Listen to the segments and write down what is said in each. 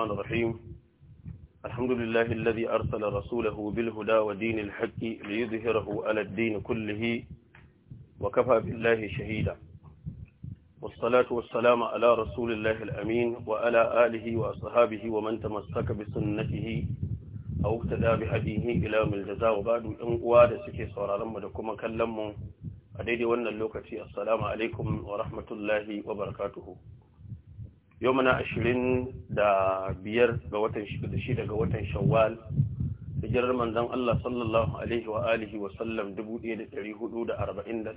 الرحمن الرحيم الحمد لله الذي أرسل رسوله بالهدى ودين الحق ليظهره على الدين كله وكفى بالله شهيدا والصلاة والسلام على رسول الله الأمين وعلى آله وأصحابه ومن تمسك بسنته أو اقتدى بهديه إلى من الجزاء وبعد أن سكي صورا لما دكما كلمه أديدي وأن اللوكتي السلام عليكم ورحمة الله وبركاته yau mana ashirin da biyar ga watan shida ga watan shawwal hijirar manzan Allah sallallahu alaihi wa alihi wa sallam ɗaya da yayin da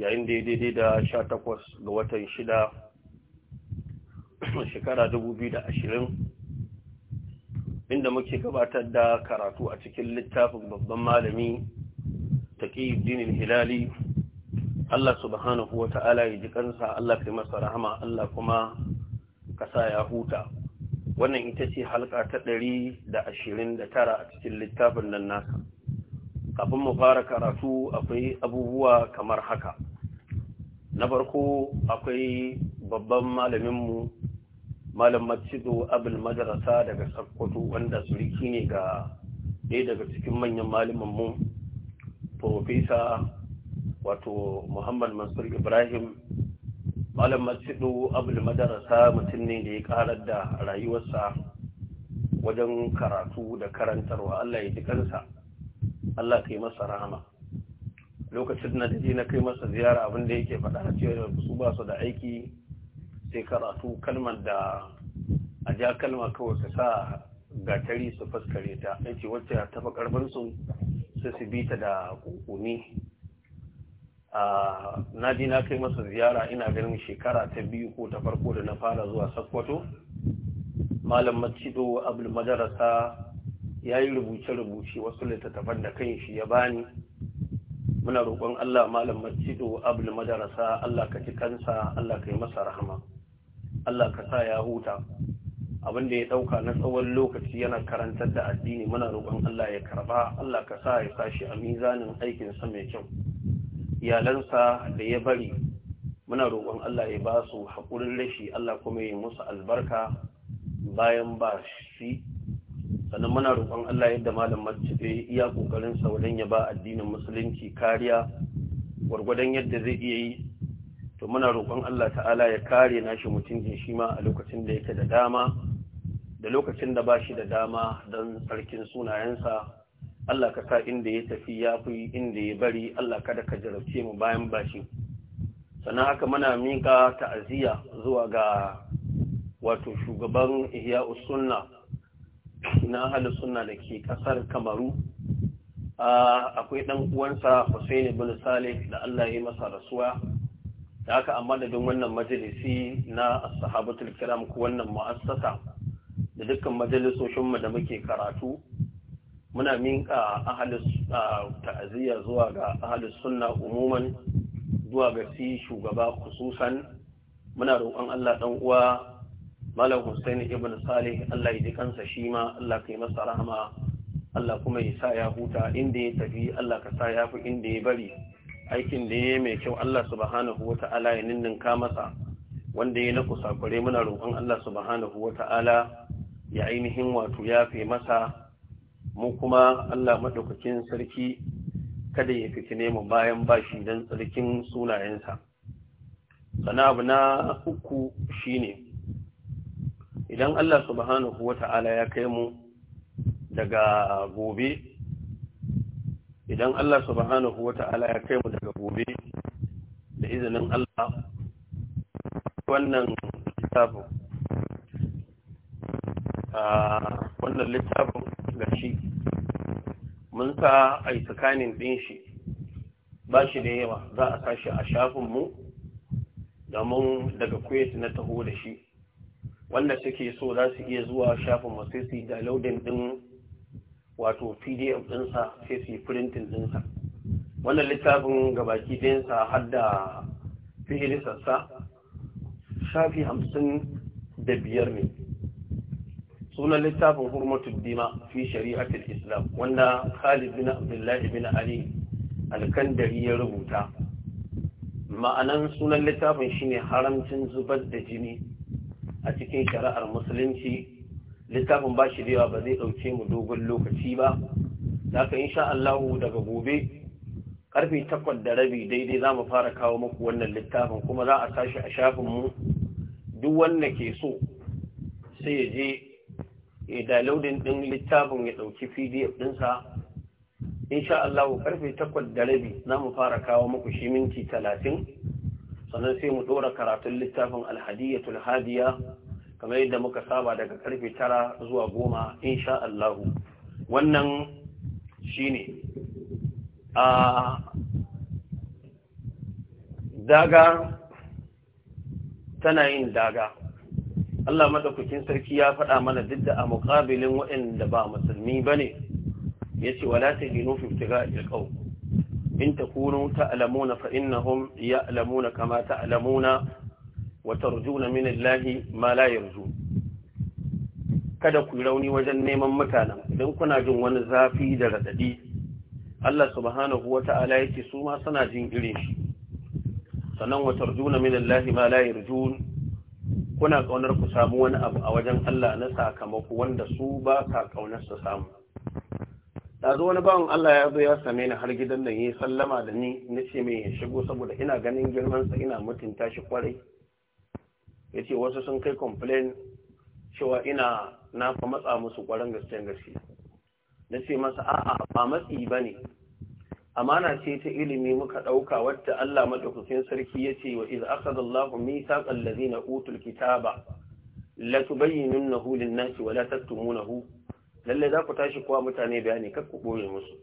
ya daidai da sha takwas ga watan shida shekara dubu biyu da ashirin inda muke gabatar da karatu a cikin littafin babban malami taqiyuddin hilali Allah subhanahu wa ta'ala ya ji kansa Allah kai masa rahama Allah kuma kasa ya huta wannan ita ce halka ta ɗari da ashirin da tara a cikin littafin nan nasa kafin mu fara karatu akwai abubuwa kamar haka na farko akwai babban malaminmu malam macido abul madarasa daga sakkwato wanda suriki ne ga ɗaya daga cikin manyan mu profesa wato muhammad mansur ibrahim malam masidu abul madarasa mutum ne da ya karar da rayuwarsa wajen karatu da karantarwa allah ya ji kansa allah kai masa rahama lokacin na daji na kai masa ziyara abin da yake faɗa a cewa su ba su da aiki sai karatu kalmar da a ja kalma kawai ka sa gatari su faskare ta aiki wacce ta fi karfinsu su su bi ta da kunkuni na ji na kai masa ziyara ina ganin shekara ta biyu ko ta farko da na fara zuwa sakkwato malam macido abul madarasa ya yi rubuce-rubuce wasu littattafan da kan shi ya bani muna roƙon allah malam macido abul madarasa allah ka ji kansa allah ka yi masa rahama allah ka sa ya huta abin da ya ɗauka na tsawon lokaci yana karantar da addini muna roƙon allah ya karba allah ka sa ya sa shi a mizanin aikinsa mai kyau iyalansa da ya bari muna roƙon Allah ya ba su haƙurin rashi Allah kuma ya musu albarka bayan ba shi sannan muna roƙon Allah yadda malam macibe iya ƙoƙarin sauran ya ba addinin musulunci kariya gwargwadon yadda zai iya yi to muna roƙon Allah ta'ala ya kare nashi mutuncin shi ma a lokacin da yake da dama da lokacin da ba shi da dama don sarkin sunayensa Allah ka sa inda ya tafi ya fi inda ya bari Allah kada ka jarabce mu bayan bashi sannan haka muna mika ta'aziyya zuwa ga wato shugaban ihya sunna na ahlus sunna da ke kasar kamaru akwai ɗan uwansa Hussein ibn Salih da Allah ya yi masa rasuwa da haka a madadin wannan majalisi na sahabatul kiram ko wannan mu'assasa da dukkan majalisoshinmu da muke karatu muna minka a ta'aziyya zuwa ga ahalus sunna umuman zuwa ga si shugaba khususan muna roƙon Allah ɗan uwa Malam Hussein ibn Salih Allah ya ji kansa shi ma Allah kai masa rahama Allah kuma ya sa ya huta inda ya tafi Allah ka sa ya fi inda ya bari aikin da ya mai kyau Allah subhanahu wata'ala ya ka masa wanda ya na kusakure muna roƙon Allah subhanahu wata'ala ya ainihin wato ya fi masa mu kuma Allah maɗaukakin sarki kada ya fitine mu bayan bashi don tsarkin sunayensa sana abu na uku shine idan Allah subhanahu wata'ala ya kai mu daga gobe idan Allah subhanahu wata'ala ya kai mu daga gobe da izinin Allah wannan littafin ah, wannan littafin ga shi mun sa a yi tsakanin ɗin shi ba shi da yawa za a sa shi a shafinmu da mun daga kuwait na taho da shi wanda suke so za su iya zuwa shafin masu su da laudin ɗin wato pdf ɗinsa sai su yi printin ɗinsa wannan littafin gabaki ɗinsa har da fihilisarsa shafi hamsin da biyar ne sunan littafin hurmatu dima fi shari'atul islam wanda khalid bin abdullahi bin ali alkandari ya rubuta ma'anan sunan littafin shine haramcin zubar da jini a cikin shari'ar musulunci littafin ba shi ba zai ɗauke mu dogon lokaci ba in insha Allah daga gobe karfe takwas da rabi daidai za mu fara kawo muku wannan littafin kuma za a tashi a shafinmu duk wanda ke so sai ya je da laudin ɗin littafin ya ɗauki pdf ɗinsa insha Allah karfe takwas da rabi za mu fara kawo muku shi minti talatin sannan sai mu ɗora karatun littafin alhadiyatul hadiya kamar yadda muka saba daga karfe tara zuwa goma insha Allah wannan shi ne a daga tana yin daga Allah madaukakin sarki ya faɗa mana duk da a muƙabilin waɗanda ba musulmi ba ne ya ce wala ta gino fiftiga ƙirƙau. in ta kuno ta alamuna na innahum ya alamuna kama ta alamuna wa tarjuna min lahi, ma la yarju kada ku rauni wajen neman mutanen idan kuna jin wani zafi da radadi Allah subhanahu wata'ala yake su ma suna jin irin shi sannan wa tarjuna min lahi, ma la yarjun kuna kaunar ku samu wani abu a wajen Allah na sakamako wanda su ba ka ƙaunar su samu ɗazu wani bawan Allah ya zo ya same ni har gidan da ya sallama da ni na ce mai ya shigo saboda ina ganin girmansa ina mutunta shi kwarai ya ce wasu sun kai complain cewa ina na fa matsa musu kwarin gaskiya gaskiya. na ce masa a'a ba matsi ba ne amana ce ta ilimi muka ɗauka wadda Allah madaukakin sarki ya ce wa iz akhadha Allahu mithaqal ladina utul kitaba la tubayyinunahu lin-nasi wa la taktumunahu lalle za ku tashi kuwa mutane bayani kar ku boye musu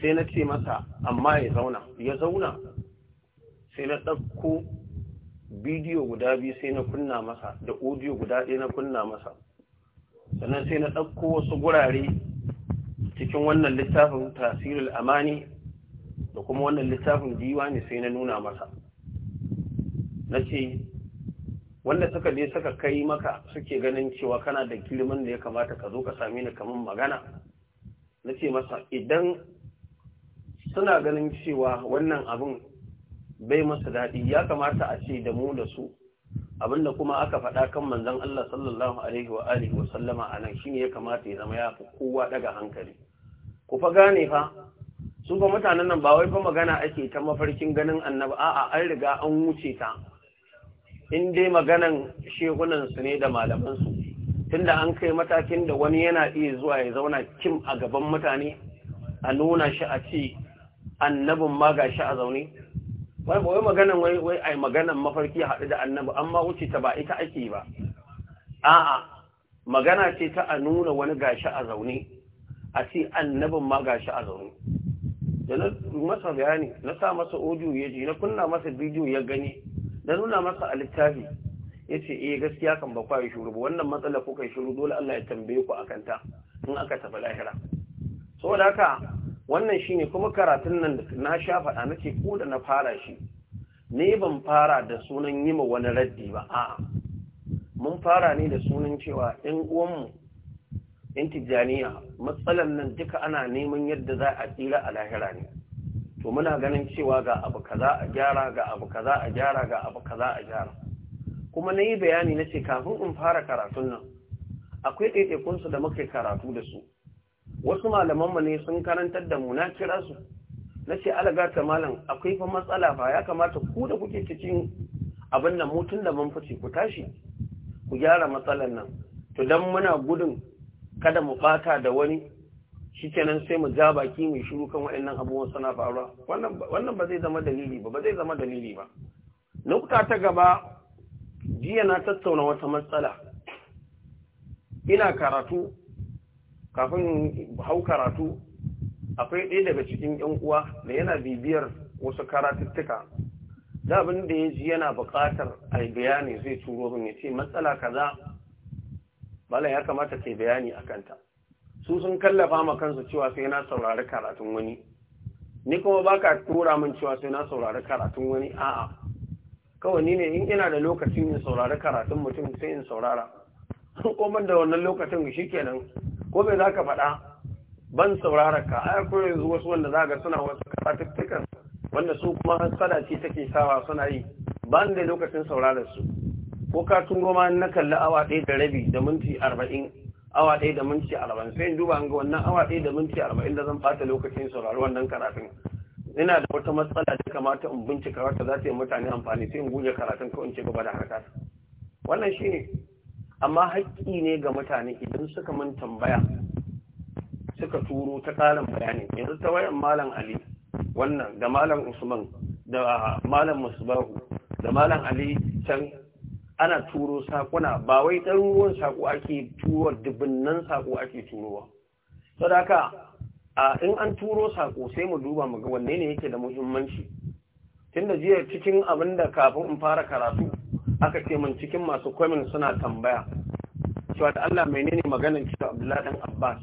sai na ce masa amma ya zauna ya zauna sai na ɗauko bidiyo guda biyu sai na kunna masa da audio guda ɗaya na kunna masa sannan sai na ɗauko wasu gurare cikin wannan littafin tasirul amani da kuma wannan littafin ne sai na nuna masa na ce wanda suka je suka kai maka suke ganin cewa kana da girman da ya kamata ka zo ka sami ni kamar magana na ce masa idan suna ganin cewa wannan abin bai masa daɗi ya kamata a ce da mu da su da kuma aka faɗa kan manzon Allah sallallahu alaihi wa alihi wa sallama anan shine ya kamata ya zama ya fi kowa daga hankali ku fa gane fa su fa mutanen nan ba wai fa magana ake ta mafarkin ganin annabi a'a an riga an wuce ta in dai maganan shehunan su ne da malaman su tunda an kai matakin da wani yana iya zuwa ya zauna kim a gaban mutane a nuna shi a ce annabin ma gashi a zaune wai ba wai maganan wai wai ai maganan mafarki haɗu da annabi amma wuce ta ba ita ake ba a'a magana ce ta a nuna wani gashi a zaune a ce annabin ma shi a zaune da na masa bayani na sa masa audio ya ji na kunna masa bidiyo ya gani na nuna masa a littafi ya ce eh gaskiya kan ba kwaye shuru ba wannan matsala ko kai shuru dole Allah ya tambaye ku akan ta in aka tafi lahira saboda haka wannan shine kuma karatun nan da na sha faɗa nake ko da na fara shi ne ban fara da sunan yima wani raddi ba a'a mun fara ne da sunan cewa ɗan uwanmu intijaniya matsalan nan duka ana neman yadda za a tsira a lahira ne to muna ganin cewa ga abu kaza a gyara ga abu kaza a gyara ga abu kaza a gyara kuma na yi bayani na ce kafin in fara karatun nan akwai ɗaiɗaikunsu da muka karatu da su wasu malaman mu ne sun karantar da mu na kira su na ce alagata malam akwai fa matsala fa ya kamata ku da kuke cikin abin nan mutun da mun fice ku tashi ku gyara matsalan nan to dan muna gudun kada mu bata da wani shikenan sai mu ja baki mu shiru kan waɗannan abubuwan suna faruwa wannan wannan ba zai zama dalili ba ba zai zama dalili ba nukta ta gaba jiya na tattauna wata matsala ina karatu kafin hau karatu akwai ɗaya daga cikin ‘yan uwa da yana bibiyar wasu karatuttuka da abin da ya ji yana buƙatar a bayani zai turo min ya ce matsala kaza malam ya kamata kai bayani a kanta su sun kallafa ma kansu cewa sai na saurari karatun wani ni kuma ba ka tura min cewa sai na saurari karatun wani a'a kawai ni ne in ina da lokacin in saurari karatun mutum sai in saurara Ko man da wannan lokacin shi kenan ko bai za ka faɗa ban saurara ka a akwai yanzu wasu wanda za ga suna wasu karatuttukan wanda su kuma sadaci take sawa suna yi ban da lokacin saurarar su ko ka turo ma na kalli awa ɗaya da rabi da minti arba'in awa ɗaya da minti arba'in sai in duba an ga wannan awa ɗaya da minti arba'in da zan ɓata lokacin sauraro wannan karatun ina da wata matsala da kamata in bincika wata za ta yi mutane amfani sai in guje karatun kawai in ci gaba da harka wannan shi ne amma haƙƙi ne ga mutane idan suka min tambaya suka turo ta ƙarin bayani yanzu ta wayan malam ali wannan da malam usman da malam musbahu da malam ali can ana turo sakuna ba wai ɗaruruwan saƙo ake turo dubunnan saƙo ake turowa sadaka a in an turo sako sai mu duba mu ga wanne ne yake da muhimmanci tunda jiya cikin abin da kafin in fara karatu aka ce min cikin masu kwamin suna tambaya cewa da Allah nene maganar cewa Abdullahi dan Abbas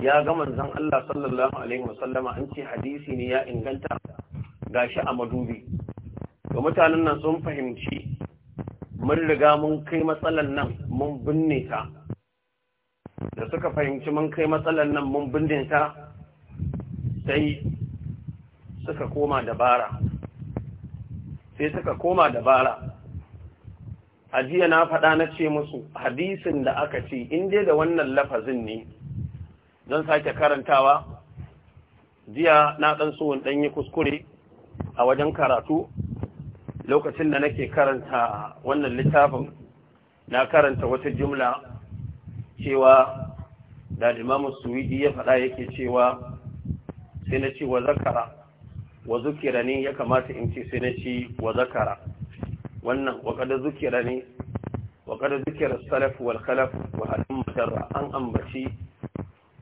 ya ga manzan Allah sallallahu alaihi wasallama an ce hadisi ne ya inganta shi a madubi ga mutanen nan sun fahimci mun riga mun kai matsalan nan mun binne ta da suka fahimci mun kai matsalan nan mun binne ta sai suka koma dabara sai suka koma dabara a jiya na faɗa na ce musu hadisin da aka ce in dai da wannan lafazin ne zan sake karantawa jiya na ɗan so dan yi kuskure a wajen karatu lokacin da nake karanta wannan littafin na karanta wata jumla cewa da Limamin suwidi ya faɗa yake cewa sai na ce wa zakara wa zukira ne ya kamata in ce sai na ce wa zakara wannan wakada zukira ne wakada zukira salaf wal khalaf wa halin an ambaci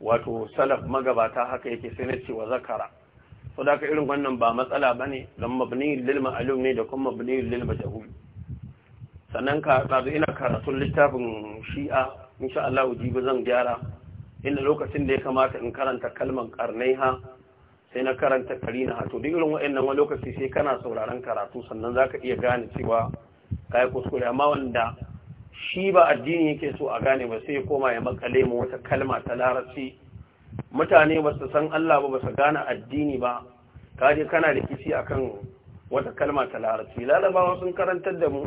wato salaf magabata haka yake sai na ce wa zakara so da irin wannan ba matsala ba ne don mabni lil ma'alum ne da kuma mabni lil majhul sannan ka ɗazu ina karatun littafin shi'a insha Allah jibi zan gyara inda lokacin da ya kamata in karanta kalman karnaiha sai na karanta karina to duk irin wa'annan wani lokaci sai kana sauraron karatu sannan zaka iya gane cewa kai kuskure amma wanda shi ba addini yake so a gane ba sai ya koma ya makale mu wata kalma ta larabci mutane ba su san Allah ba ba su gane addini ba kaje kana da kisi akan wata kalma ta larabci larabawa sun karantar da mu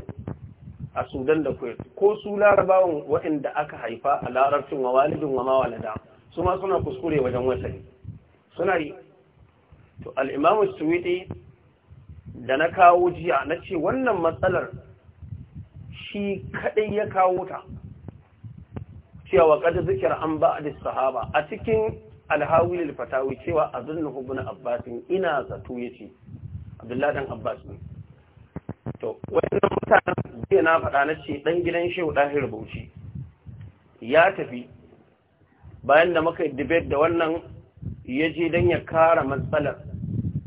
a sudan da kuwait ko su larabawan waɗanda aka haifa a larabcin wa walidin wa mawalada su ma suna kuskure wajen wasani suna yi to al'imamu suwiti da na kawo jiya na ce wannan matsalar shi kaɗai ya kawo ta cewa kada zikir an ba da sahaba a cikin alhawi lil fatawi cewa azunnuhu ibn abbas ina zato yace abdullahi dan abbas ne to wannan mutanen da na faɗa na ce dan gidan shehu dahir bauchi ya tafi bayan da muka debate da wannan yaje dan ya kara matsalar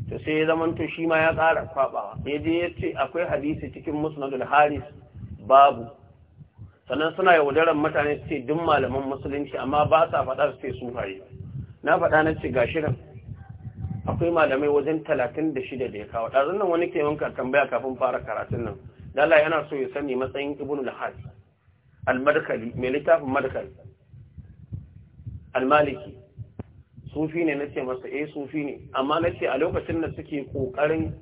to sai ya to shi ma ya kara kwabawa ya je ya akwai hadisi cikin musnadul haris babu sannan suna yaudarar mutane su ce duk malaman musulunci amma ba sa faɗar su ce haye na faɗa na ce ga shirin akwai malamai wajen talatin da shida da ya kawo ɗazun nan wani ke wanka tambaya kafin fara karatun nan lala yana so ya sani matsayin ibn lahas al-madkali mai littafin madkali al-maliki sufi ne na ce masa eh sufi ne amma na ce a lokacin da suke ƙoƙarin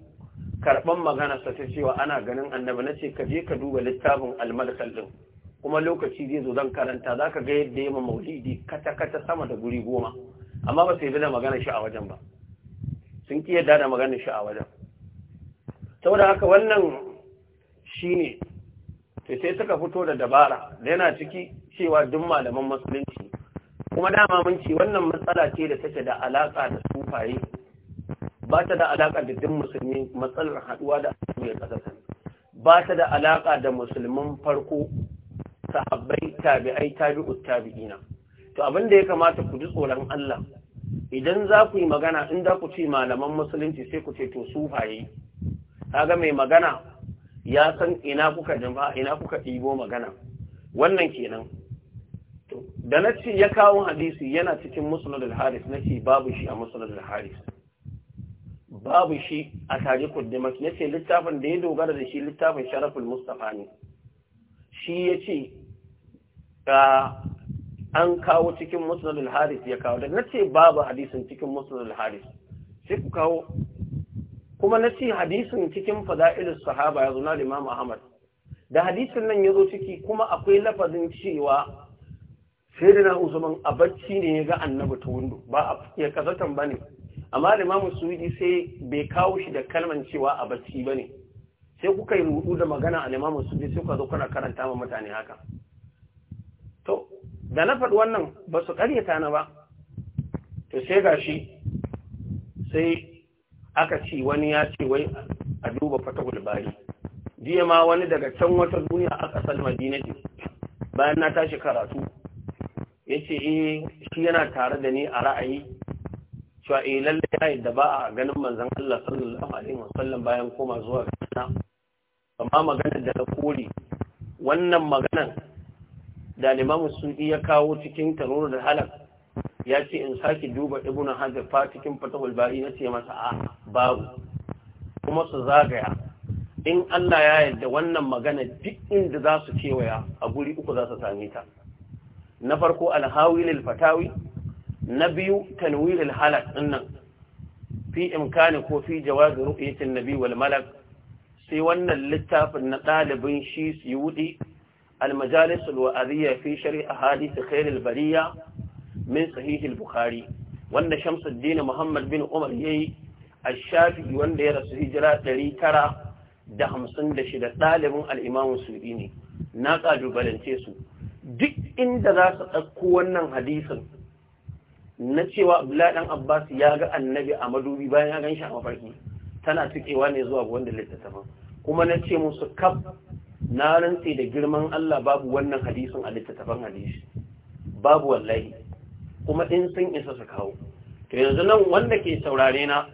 karɓan magana sa ta cewa ana ganin annabi na ce ka je ka duba littafin al-madkal din kuma lokaci zai zo zan karanta za ka ga yadda ya ma maulidi kata kata sama da guri goma amma ba su yi da maganar shi a wajen ba sun ki yadda da maganar shi a wajen saboda haka wannan shi ne to sai suka fito da dabara da yana ciki cewa duk malaman musulunci kuma dama mun ce wannan matsala ce da take da alaka da sufaye ba ta da alaka da duk musulmi matsalar haduwa da ya kasasa ba ta da alaka da musulmin farko sahabbai tabi'ai tabi'ut tabi'ina to abin da ya kamata ku ji tsoron Allah idan za ku yi magana in za ku ce malaman musulunci sai ku ce to sufaye kaga mai magana ya san ina kuka jama'a ina kuka ɗibo magana wannan kenan da na ce ya kawo hadisi yana cikin musulun al-haris na ce babu shi a musulun al-haris babu shi a tarikul dimas na ce littafin da ya dogara da shi littafin sharafin mustapha ne shi ya ce an kawo cikin musnadul haris ya kawo da ce babu hadisin cikin musnadul haris sai ku kawo kuma na nace hadisin cikin fada'ilus sahaba ya zuna da Imam Ahmad da hadisin nan ya zo ciki kuma akwai lafazin cewa sayyidina Usman a bacci ne ya ga annabi ta windo ba a ya kazatan bane amma da Imam Suwidi sai bai kawo shi da kalman cewa a bacci bane sai kuka yi rudu da magana a Imam Suwidi sai kuka zo kana karanta ma mutane haka da na faɗi wannan ba su ƙaryata na ba to sai ga shi sai aka ci wani ya ce wai a duba fatahul bari jiya ma wani daga can wata duniya a ƙasar madinati bayan na tashi karatu ya ce eh shi yana tare da ni a ra'ayi cewa eh lalle ya da ba a ganin manzan Allah sallallahu alaihi wasallam bayan koma zuwa gana. amma maganar da na kore wannan maganar da sun iya ya kawo cikin tanuru da halak ya ce in sake duba ibn hajar fa cikin fatahul bari na ce masa a babu kuma su zagaya in Allah ya yarda wannan magana duk inda za su kewaya a guri uku za su same ta na farko alhawilil fatawi na biyu tanwilil halak dinnan fi imkani ko fi jawazi ru'yatin nabi wal malak sai wannan littafin na ɗalibin shi su yi المجالس الوأذية في شرح أحاديث خير البرية من صحيح البخاري وأن شمس الدين محمد بن عمر يي الشافعي وأن يرس هجرة دري ترى ده خمسين ده شدة طالب الإمام السويني ناقا su. duk inda za su ɗauko wannan hadisin na cewa Abdullahi Abbas ya ga annabi a madubi bayan ya gan shi a mafarki tana tukewa ne zuwa wanda littattafan kuma na ce musu kaf na rantse da girman Allah babu wannan hadisin a littattafan hadisi babu wallahi kuma in sun isa su kawo to yanzu nan wanda ke saurare na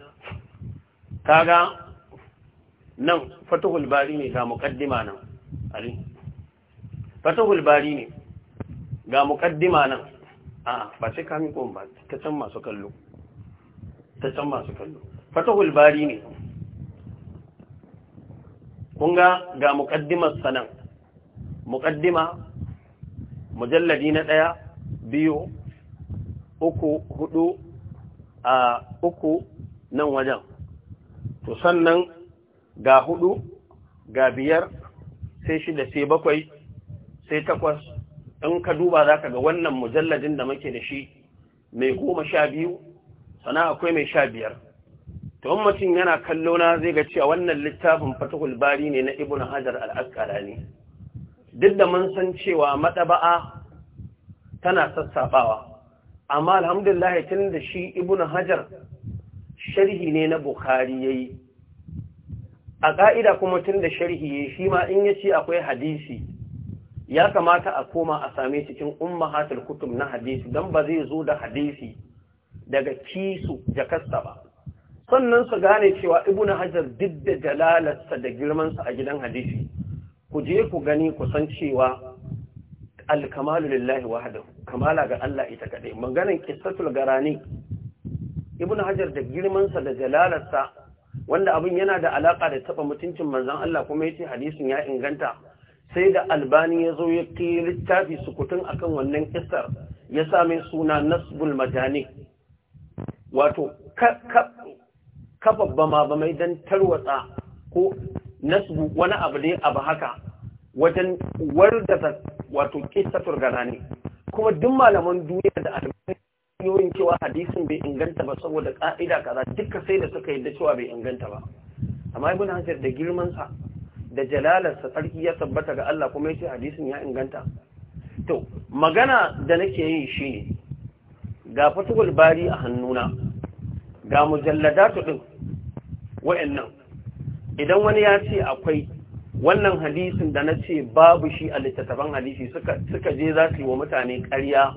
kaga nan fatuhul bari ne ga muqaddima nan ali fatuhul bari ne ga muqaddima nan a ba sai kami ko ba ta can masu kallo ta can masu kallo fatuhul bari ne kun ga ga muqaddimar sanan muqaddima mujalladi na ɗaya biyu uku hudu a uku nan wajen to sannan ga hudu ga biyar sai shida sai bakwai sai takwas in ka duba za ka ga wannan mujalladin da muke da shi mai goma sha biyu sana akwai mai sha biyar to mutum yana kallo na zai ga cewa wannan littafin fatahul bari ne na ibnu hajar al-asqalani duk da mun san cewa madaba'a tana sassaɓawa, amma alhamdulillah tun da shi ibnu hajar sharhi ne na bukhari yayi a ka'ida kuma tun da sharhi yayi shi ma in yace akwai hadisi ya kamata a koma a same cikin ummahatul kutub na hadisi dan ba zai zo da hadisi daga kisu jakasta ba sannan su gane cewa ibnu hajar duk da jalalarsa da girmansa a gidan hadisi ku je ku gani ku san cewa alkamalu lillahi wahdahu kamala ga Allah ita kadai maganan qissatul garani ibnu hajar da girmansa da jalalarsa wanda abin yana da alaka da taɓa mutuncin manzon Allah kuma ya ce hadisin ya inganta sai da albani ya zo ya ƙi littafi sukutun akan wannan kisar ya same suna nasbul majani wato kafa bama ba don tarwatsa ko nasbu wani abu ne a ba haka wajen wargaza wato kisatur gara ne kuma duk malaman duniya da albiyoyin cewa hadisin bai inganta ba saboda ka'ida kaza duka sai da suka yi yadda cewa bai inganta ba amma ibn hajar da girmansa da jalalarsa tsarki ya tabbata ga Allah kuma yace hadisin ya inganta to magana da nake yi shine ga fatuwar bari a hannuna ga mujalladatu din wa'annan idan wani ya ce akwai wannan hadisin da na ce babu shi a littattafan hadisi suka je za su yi wa mutane karya,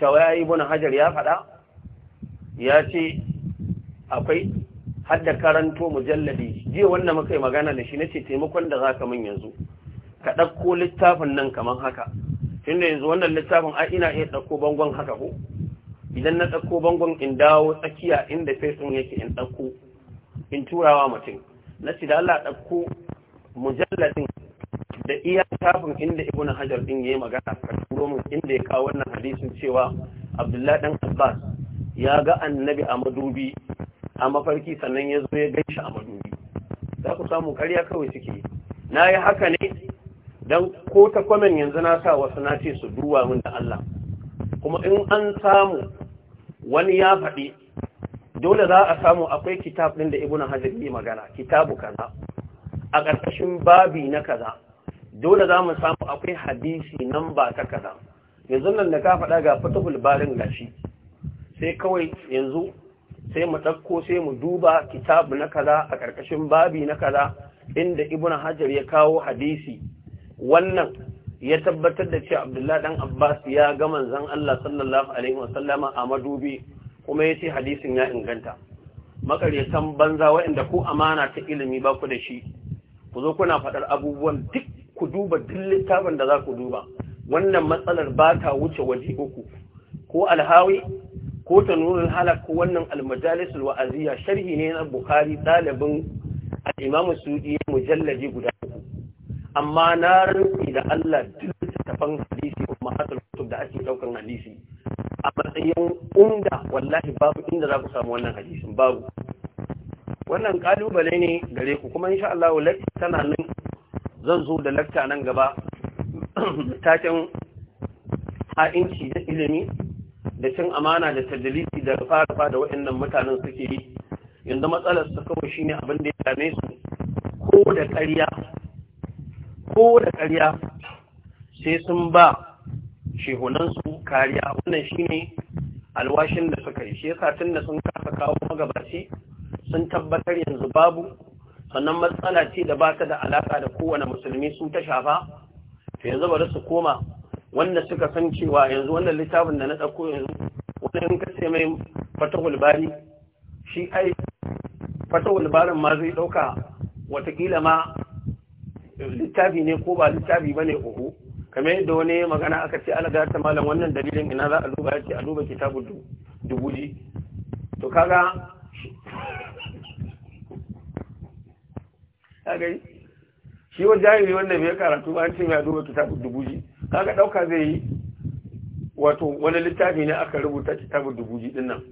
cewa ya yi buna hajar ya faɗa ya ce akwai hadda karanto mujalladi jiya wanda muka yi magana da shi na ce taimakon da za ka min yanzu ka ɗauko littafin nan kaman haka tun da yanzu wannan littafin a ina iya ɗauko bangon haka ko idan na ɗauko bangon in dawo tsakiya inda fesin yake in ɗauko in turawa mutum na shi da Allah ɗauko mujalladin da iya tafin inda ibn hajar din yayi magana ka turo mun inda ya kawo wannan hadisin cewa abdullahi dan abbas ya ga annabi a madubi a mafarki sannan ya zo ya gaishe a madubi za ku samu karya kawai suke na yi haka ne don ko ta kwamen yanzu na sa wasu na ce su duwa min da Allah kuma in an samu wani ya faɗi dole za a samu akwai kitab ɗin da ibn hajar yi magana kitabu kaza a ƙarƙashin babi na kaza dole za mu samu akwai hadisi nan ba ta kaza yanzu nan da ka faɗa ga fata barin gashi sai kawai yanzu sai mu ɗauko sai mu duba kitabu na kaza a ƙarƙashin babi na kaza inda ibn hajar ya kawo hadisi wannan ya tabbatar da cewa abdullahi dan abbas ya ga manzon Allah sallallahu alaihi wasallama a madubi kuma ya ce hadisin ya inganta makaryatan banza waɗanda ko amana ta ilimi ba ku da shi ku zo kuna faɗar abubuwan duk ku duba duk littafin da za ku duba wannan matsalar ba ta wuce waje uku ko alhawi ko ta hala, halak ko wannan almajalisul wa'aziyya sharhi ne na bukari ɗalibin al'imamu suɗi mujallaji guda uku amma na rantsi da allah duk littafan hadisi kuma hatar kutub da ake ɗaukar hadisi a matsayin umda wallahi babu inda za ku samu wannan hadisin babu wannan kalubale ne gare ku kuma insha Allah lakta tana nan zan zo da lakta nan gaba taken ha'inci da ilimi da cin amana da tadalisi da rufa da waɗannan mutanen suke yi yanzu matsalar su kawai shine abin da ya dame su ko da ƙarya ko da ƙarya sai sun ba shehunansu kariya wannan shine alwashin da suka yi shi yasa tun da sun kasa kawo magabaci sun tabbatar yanzu babu sannan matsala ce da ba ta da alaka da kowane musulmi su ta shafa to yanzu bari su koma wanda suka san cewa yanzu wannan littafin da na ɗauko yanzu wani in ka ce mai fatahul bari shi ai fatahul barin ma zai ɗauka watakila ma littafi ne ko ba littafi ba ne uhu kame da wani magana aka ce alaga ta malam wannan dalilin ina za a duba ya ce a duba kitabu dubuji to kaga kaga shi wa jahili wanda bai karatu an ce ya duba kitabu dubuji kaga dauka zai yi wato wani littafi ne aka rubuta kitabu dubuji ji dinnan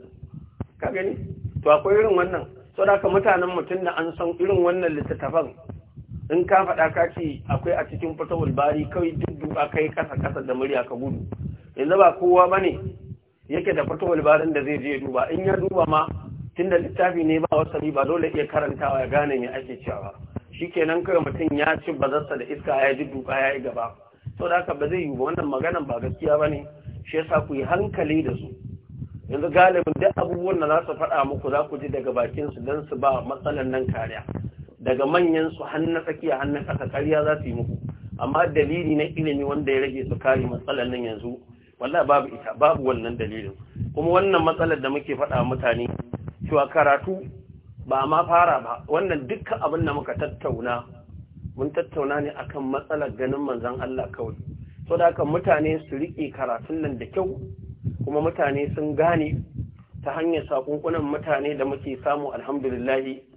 ka gani to akwai irin wannan saboda mutanen mutum da an san irin wannan littattafan in ka faɗa ka ce akwai a cikin fatawul bari kawai duka kai kasa kasa da murya ka gudu yanzu ba kowa bane yake da fatawul barin da zai je duba in ya duba ma tunda littafi ne ba wasali ba dole iya karantawa ya gane me ake cewa shikenan kawai mutum ya ci bazarsa da iska ya ji duka ya yi gaba to da haka ba zai yi ba wannan maganan ba gaskiya bane shi yasa ku yi hankali da su yanzu galibin duk abubuwan da za su faɗa muku za ku ji daga bakin su dan su ba matsalan nan kariya daga manyan su hannu tsakiya hannun ƙasa ƙarya za su yi muku amma dalili na ilimi wanda ya rage su kare matsalar nan yanzu wallahi babu ita babu wannan dalilin kuma wannan matsalar da muke faɗa mutane cewa karatu ba ma fara ba wannan dukkan abin da muka tattauna mun tattauna ne akan matsalar ganin manzon Allah kawai so da haka mutane su riƙe karatun nan da kyau kuma mutane sun gane ta hanyar sakunkunan mutane da muke samu alhamdulillahi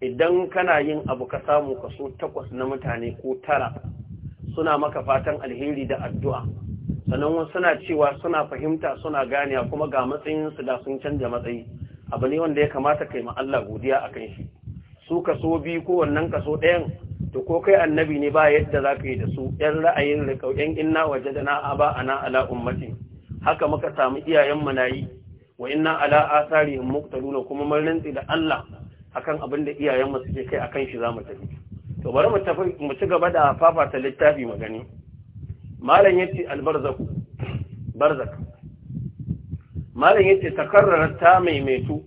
idan kana yin abu ka samu kaso takwas na mutane ko tara suna maka fatan alheri da addu'a sannan wasu suna cewa suna fahimta suna a kuma ga matsayinsu da sun canja matsayi abu ne wanda ya kamata kai ma Allah godiya a kan shi su kaso biyu ko wannan kaso ɗayan to ko kai annabi ne ba yadda za ka yi da su ‘yan ra'ayin riƙau ‘yan inna waje da na'a ba a na'ala ummati haka muka samu iyayen yi. wa inna ala asarihim muqtaluna kuma mun rantsi da Allah akan abin da iyayenmu suke kai akan shi zamu tafi to bari mu tafi mu ci gaba da fafata littafi magani malam yace albarzak barzak malam yace takarrar ta maimaitu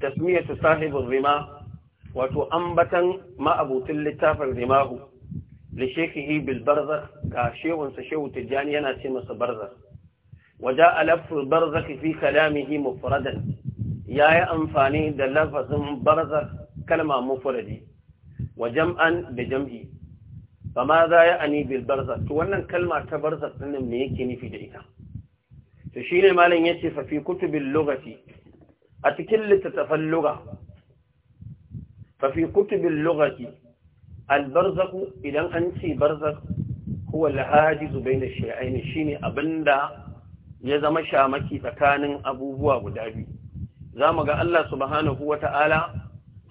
tasmiyatu sahibi rima wato ambatan ma'abutin littafin rimahu li shekihi bil barzak ga sa shehu tijjani yana ce masa barzak وجاء لفظ البرزخ في كلامه مفردا ya yi amfani da lafazin barzak kalma mufuradi wa jam'an da jam'i ba ma za ya ani bil barzak to wannan kalma ta barza ɗin me yake nufi da ita to shi ne malin ya ce fafi kutubin lokaci a cikin littattafan luga fafi kutubin lokaci albarzaku idan an ce barzak huwa lahaji zubai da shi'aini shi ne abinda ya zama shamaki tsakanin abubuwa guda biyu za mu ga Allah subhanahu wa ta'ala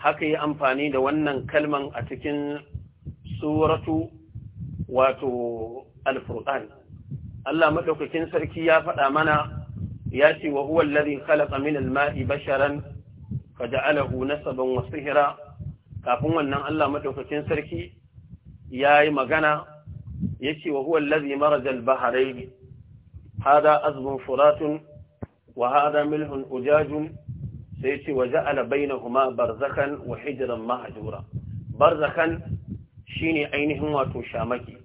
haka yi amfani da wannan kalman a cikin suratu wato alfurqan Allah maɗaukakin sarki ya faɗa mana ya ce wa huwa alladhi khalaqa min al-ma'i basharan faja'alahu nasaban wa sihra kafin wannan Allah maɗaukakin sarki yayi magana ce wa huwa alladhi maraja al-bahrayn hada azbun furatun wa hada milhun ujajun sai ce waje alabaina kuma barzakan wa hijiran mahajura barzakan shine ainihin wato shamaki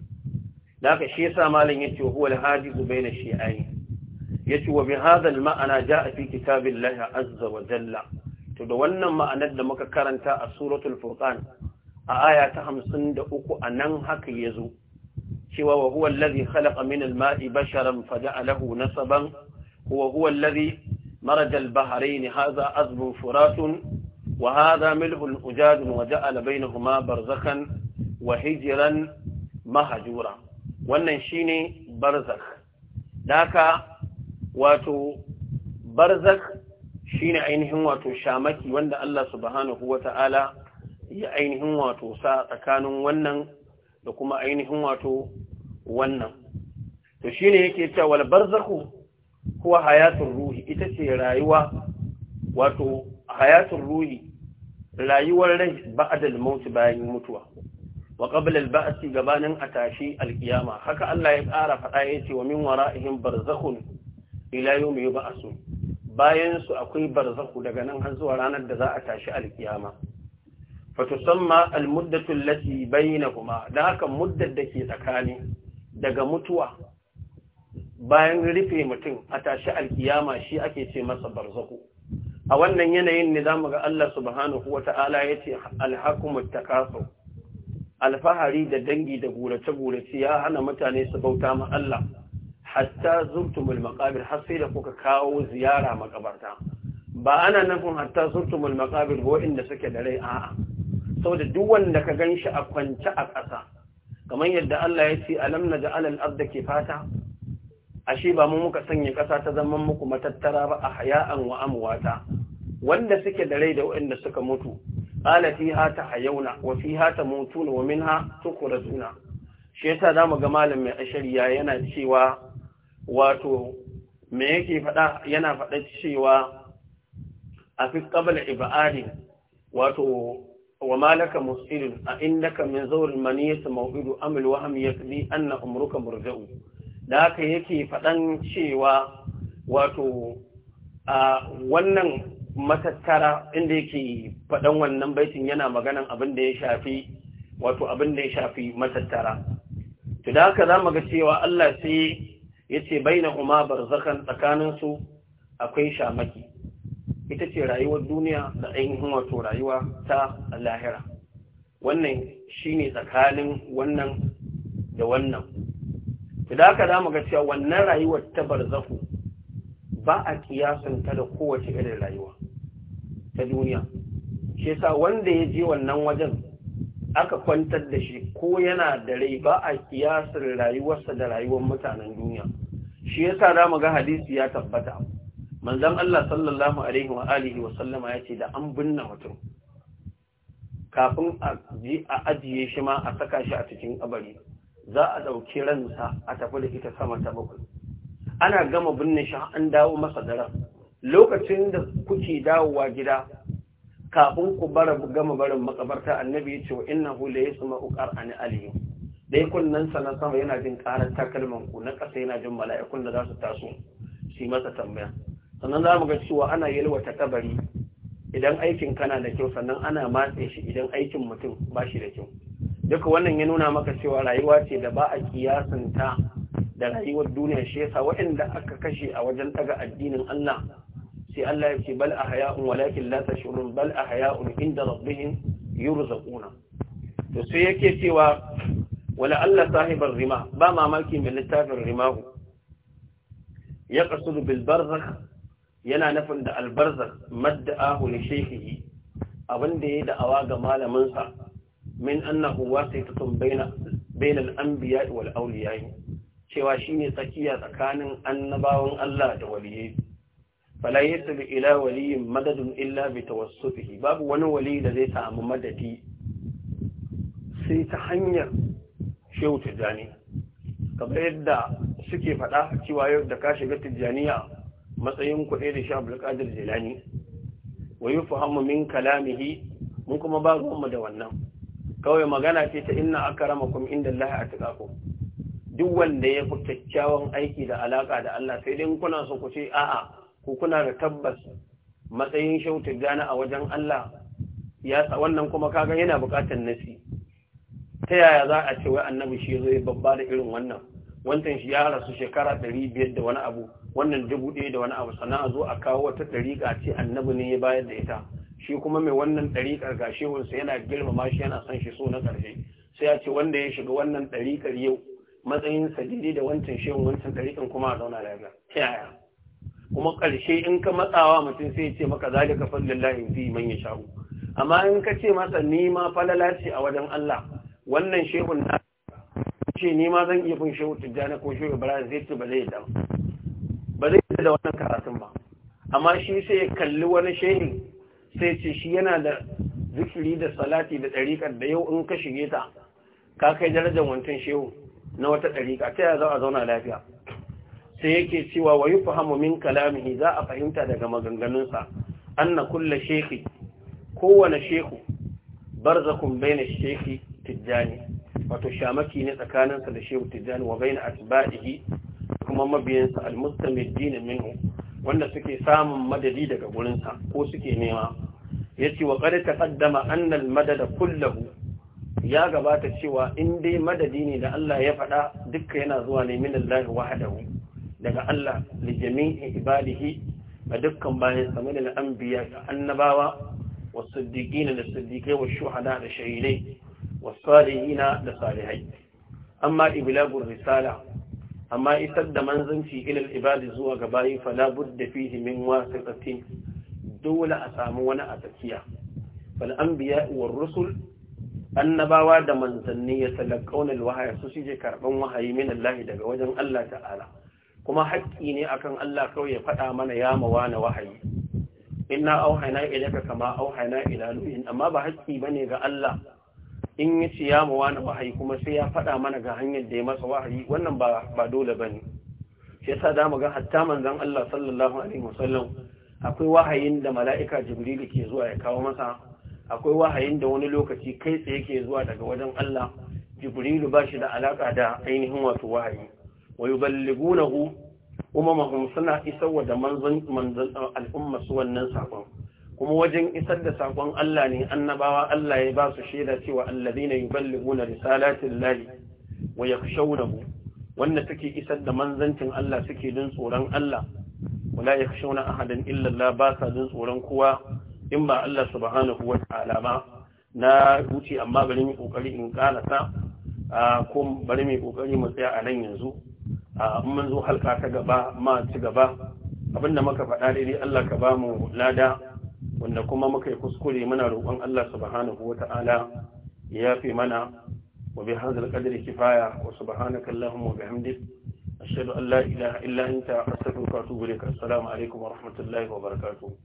da aka shi yasa malam yace huwa shi baina Ya yace wa bi hadha alma'ana a fi kitabillahi azza wa jalla to da wannan ma'anar da muka karanta a suratul furqan a aya ta a nan haka zo. cewa wa huwa allazi khalaqa min alma'i basharan faja'alahu nasaban wa huwa allazi مرج البحرين هذا عذب فرات وهذا ملح أجاد وجعل بينهما برزخا وهجرا مهجورا وننشيني برزخ داكا واتو برزخ شين عينهم واتو شامكي واند الله سبحانه وتعالى يا عينهم واتو ساعة وانا ونن لكم عينهم واتو وانا تشيني كيتا والبرزخ kuwa hayatun ruhi ita ce rayuwa wato hayatun ruhi rayuwar rai ba'adal mauti bayan mutuwa wa qabla al-ba'si gabanin atashi al haka Allah ya ƙara faɗa yace wa min wara'ihim barzakhun ila yawmi yub'asun bayan su akwai barzakhu daga nan har zuwa ranar da za a tashi al-qiyama fa tusamma al-muddatu allati bainahuma da haka muddar da ke tsakani daga mutuwa bayan rufe mutum a tashi alkiyama shi ake ce masa barzaku a wannan yanayin ne za mu ga Allah subhanahu wata'ala yace alhakumut takasur alfahari da dangi da gurace-gurace ya hana mutane su bauta ma Allah hatta zurtumul maqabir har sai da kuka kawo ziyara makabarta ba ana nufin hatta zurtumul maqabir ba inda suke da rai a'a da duk wanda ka ganshi a kwance a ƙasa kamar yadda Allah ya ce alam da al ke fata? ashe ba mu muka sanya ƙasa ta zama muku matattara ba a haya'an wa amwata wanda suke da rai da waɗanda suka mutu qala fiha tahyawna wa fiha mutu wa minha tukhrajuna shi yasa zamu ga malam mai ashariya yana cewa wato me yake faɗa yana faɗa cewa a fi qabla ibadi wato wa malaka musir a ka min zawr maniyat mawhidu amil wahm yakdi anna umruka murja'u da haka yake faɗan cewa wato a wannan matattara inda yake faɗan wannan baitin yana maganan abin da ya shafi wato abin da ya shafi matattara to da haka zamu ga cewa Allah sai yace huma barzakan tsakanin su akwai shamaki ita ce rayuwar duniya da ainihin wato rayuwa ta lahira wannan shine tsakanin wannan da wannan idan aka damu ga cewa wannan rayuwar ta barzahu ba a kiyasanta da kowace irin rayuwa ta duniya shi yasa wanda ya je wannan wajen aka kwantar da shi ko yana da rai ba a kiyasar rayuwarsa da rayuwar mutanen duniya shi yasa da mu ga hadisi ya tabbata manzon Allah sallallahu alaihi wa alihi wa sallama ce da an binne mutum kafin a ajiye shi ma a saka shi a cikin abari. za a ɗauki ransa a tafi da ita sama ta bakwai ana gama binne shi an dawo masa da lokacin da kuke dawowa gida kafin ku bara gama barin makabarta annabi ya ce wa su la a qur'ana aliyu dai sa na sama yana jin karar takalman ku na ƙasa yana jin mala'ikun da za su taso su masa tambaya sannan za mu ga cewa ana yalwata kabari idan aikin kana da kyau sannan ana matse shi idan aikin mutum ba shi da kyau duka wannan ya nuna maka cewa rayuwa ce da ba a kiyasanta da rayuwar duniya shi yasa waɗanda aka kashe a wajen daga addinin Allah sai Allah ya ce bal ahya'un walakin la tashurun bal ahya'un inda rabbihim yurzaquna to sai yake cewa wala Allah sahibar rima ba mamaki mai littafin rimahu ya qasdu bil barzakh yana nufin da albarzakh madda'ahu li shaykhihi abinda ya da'awa ga malamin sa min annahu wasitatun baina bainal anbiya wal awliya cewa shine tsakiya tsakanin annabawan Allah da waliyai fala yasilu ila waliyin madadun illa bi tawassutihi babu wani wali da zai samu madadi sai ta hanyar shehu tijjani kamar yadda suke faɗa cewa yau da ka shiga tijjaniya matsayin kuɗi da sha abulƙadir jilani wa min kalamihi mun kuma ba ruwanmu da wannan kawai magana ce ta inna inda akramakum indallahi ku. duk wanda ya fi kyakkyawan aiki da alaka da Allah sai dai kuna so ku ce a'a ku kuna da tabbas matsayin shautar gana a wajen Allah ya wannan kuma kaga yana buƙatar nasi ta yaya za a ce wai annabi shi zai babba da irin wannan wancan shi ya rasu shekara ɗari biyar da wani abu wannan dubu ɗaya da wani abu sannan a zo a kawo wata ɗariƙa ce annabi ne ya bayar da ita shi kuma mai wannan ɗariƙar ga shehunsa yana girmama shi yana son shi so na ƙarshe sai ya ce wanda ya shiga wannan ɗariƙar yau matsayin sadidi da wancan shehun wancan ɗariƙar kuma a zauna lafiya yaya kuma ƙarshe in ka matsawa mutum sai ya ce maka zalika fadlillahi fi man yasha'u amma in ka ce masa ni ma falala ce a wajen Allah wannan shehun na ce ni ma zan iya bin shehu tijjani ko shehu ibrahim zai ce ba zai da da wannan karatun ba amma shi sai ya kalli wani shehin sai ce shi yana da zikiri da salati da ɗariƙar da yau in ka shige ta ka kai darajar wancan shehu na wata ɗariƙa ta yaya za a zauna lafiya sai yake cewa wa yi fahimu min kalamihi za a fahimta daga maganganunsa an na kulla shehi kowane shehu barzakun bai Shehi shehi tijjani wato shamaki ne tsakaninsa da shehu tijjani wa bayyana na kuma mabiyansa almustamid dina minhu wanda suke samun madadi daga gurinsa ko suke nema ya ce wa ta ƙaddama annal madada kullahu ya gabata cewa in dai madadi ne da Allah ya faɗa dukka yana zuwa ne min Allah wahadahu daga Allah li jami'i ibadihi ga dukkan bayan da al'ambiya da annabawa wa siddiqina da siddiqai wa shuhada da shahidai wa salihina da salihai amma iblagur risala amma isar da manzanci ilal ibadi zuwa ga bayi fala budda fihi min wasiqatin dole a samu wani a tsakiya fal anbiya war rusul annabawa da manzanni ya talaqawna al wahaya su shige karban wahayi min Allah daga wajen Allah ta'ala kuma haƙƙi ne akan Allah kawai ya faɗa mana ya mawana wahayi inna auhayna ilayka kama auhayna ila nuhin amma ba haƙƙi bane ga Allah in ya ce ya mu wani wahayi kuma sai ya faɗa mana ga hanyar da ya masa wahayi wannan ba dole ba ne shi yasa da ga hatta manzan Allah sallallahu alaihi wasallam akwai wahayin da mala'ika jibrilu ke zuwa ya kawo masa akwai wahayin da wani lokaci kai tsaye ke zuwa daga wajen Allah jibrilu ba shi da alaka da ainihin wato wahayi wa yuballighunahu umamahum suna isar wa da manzon al'umma su wannan sakon kuma wajen isar da sakon Allah ne annabawa Allah ya ba su shaida cewa alladhina yuballighuna risalatil lahi wa yakhshawnahu wanda suke isar da manzancin Allah suke jin tsoron Allah wala yakhshawna ahadan illa Allah ba sa jin tsoron kowa in ba Allah subhanahu wa ta'ala ba na wuce amma bari mu kokari in karasa ko bari mai kokari mu tsaya a nan yanzu in mun zo halka ta gaba ma ci gaba abinda muka faɗa daidai Allah ka ba mu lada wanda kuma muka yi kuskure muna roƙon Allah subhanahu wata'ala ya yafe mana wa bi hadzal qadri kifaya wa subhanaka allahumma wa bihamdik ashhadu an la ilaha illa anta astaghfiruka wa atubu ilaik assalamu alaikum wa rahmatullahi wa barakatuh